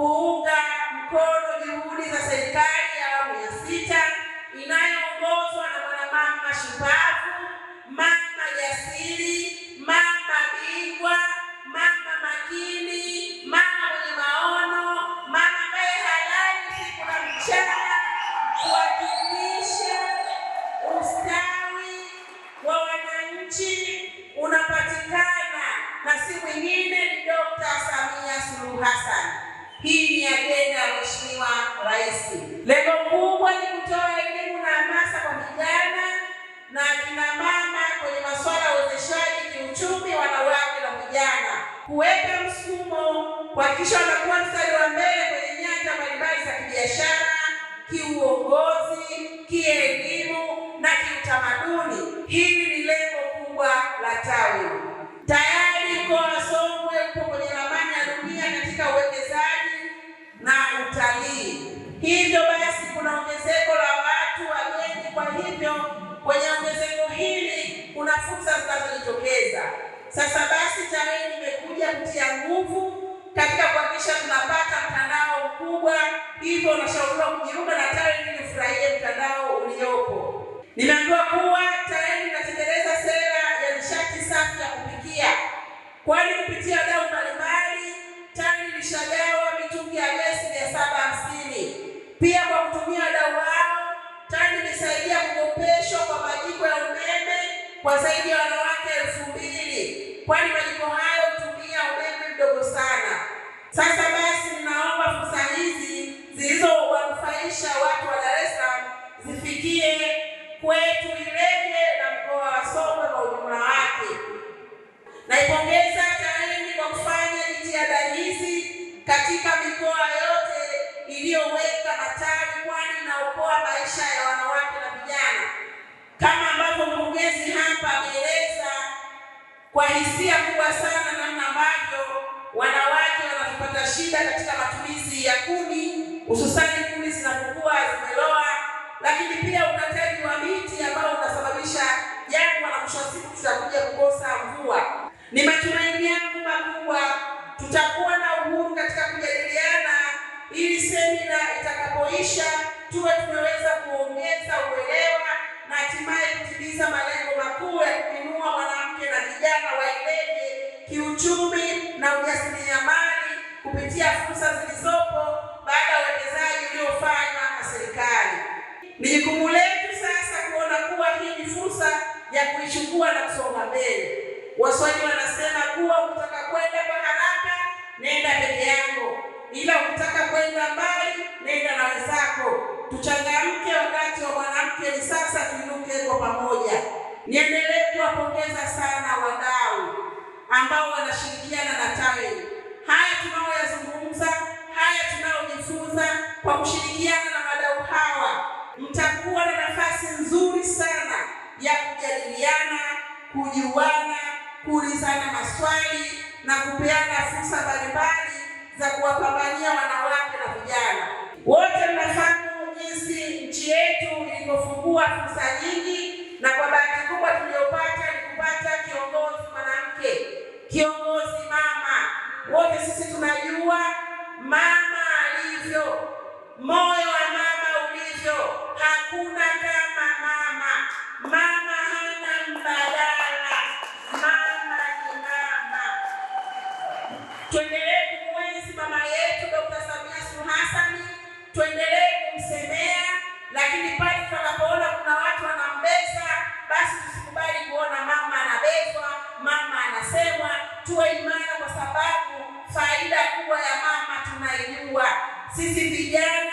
kuunga mkono juhudi za serikali ya awamu ya sita inayoongozwa na mwanamama shupavu, mama jasiri, mama bingwa, mama makini, mama mwenye maono, mama ambaye halali siku na mchana kuhakikisha ustawi wa wananchi unapatikana, na si mwingine ni dokta Samia Suluhu Hassan. Hii ni ajenda ya Mheshimiwa Rais. Lengo kubwa ni kutoa elimu na hamasa kwa vijana na kina mama kwenye masuala ya uwezeshaji kiuchumi wanawake na vijana, kuweka msukumo kuhakikisha wanakuwa mstari kwenye ongezeko hili kuna fursa zinazojitokeza. Sasa basi, TAWENI imekuja kutia nguvu katika kuhakikisha tunapata mtandao mkubwa, hivyo unashauriwa kujiunga na TAWENI ili ufurahie mtandao uliopo. Nimeambiwa kuwa TAWENI inatekeleza sera ya nishati safi ya kupikia, kwani kupitia wadau mbalimbali TAWENI ilishagawa mitungi ya gesi mia saba hamsini pia kwa zaidi ya wanawake elfu mbili kwani majiko hayo hutumia umeme mdogo sana. Sasa basi, ninaomba fursa hizi zilizowanufaisha watu wa Dar es Salaam zifikie kwetu Ileje na mkoa wa Songwe kwa ujumla wake. Naipongeza TARIMI kwa kufanya jitihada hizi katika mikoa yote iliyoweka hisia kubwa sana namna ambavyo wanawake wanapata shida katika matumizi ya kuni, hususani kuni zinapokuwa zimeloa, lakini pia ukataji wa miti ambao unasababisha jangwa na mwisho wa siku tutakuja kukosa mvua. Ni matumaini yangu makubwa tutakuwa na uhuru katika kujadiliana, ili semina itakapoisha tuwe tumeweza kiuchumi na ujasiriamali kupitia fursa zilizopo baada ya uwekezaji uliofanywa na serikali. Ni jukumu letu sasa kuona kuwa hii ni fursa ya kuichukua na kusonga mbele. Waswahili wanasema kuwa ukitaka kwenda kwa haraka nenda peke yako, ila ukitaka kwenda mbali nenda na wenzako. Tuchangamke, wakati wa mwanamke ni sasa, tuinuke kwa pamoja. Niendelee kuwapongeza sana ambao wanashirikiana na tawi. Haya tunayoyazungumza, haya tunayojifunza kwa kushirikiana na wadau hawa, mtakuwa na nafasi nzuri sana ya kujadiliana, kujuana, kuulizana maswali na kupeana fursa mbalimbali za kuwapambania wanawake na vijana. Wote mnafahamu jinsi nchi yetu ilivyofungua fursa Wote sisi tunajua mama alivyo, moyo wa mama ulivyo. Hakuna kama mama. Mama hana mbadala. Mama ni mama. Tuendelee kumwenzi mama yetu Dkt. Samia Suluhu Hassan, tuendelee kumsemea, lakini pale sisi vijana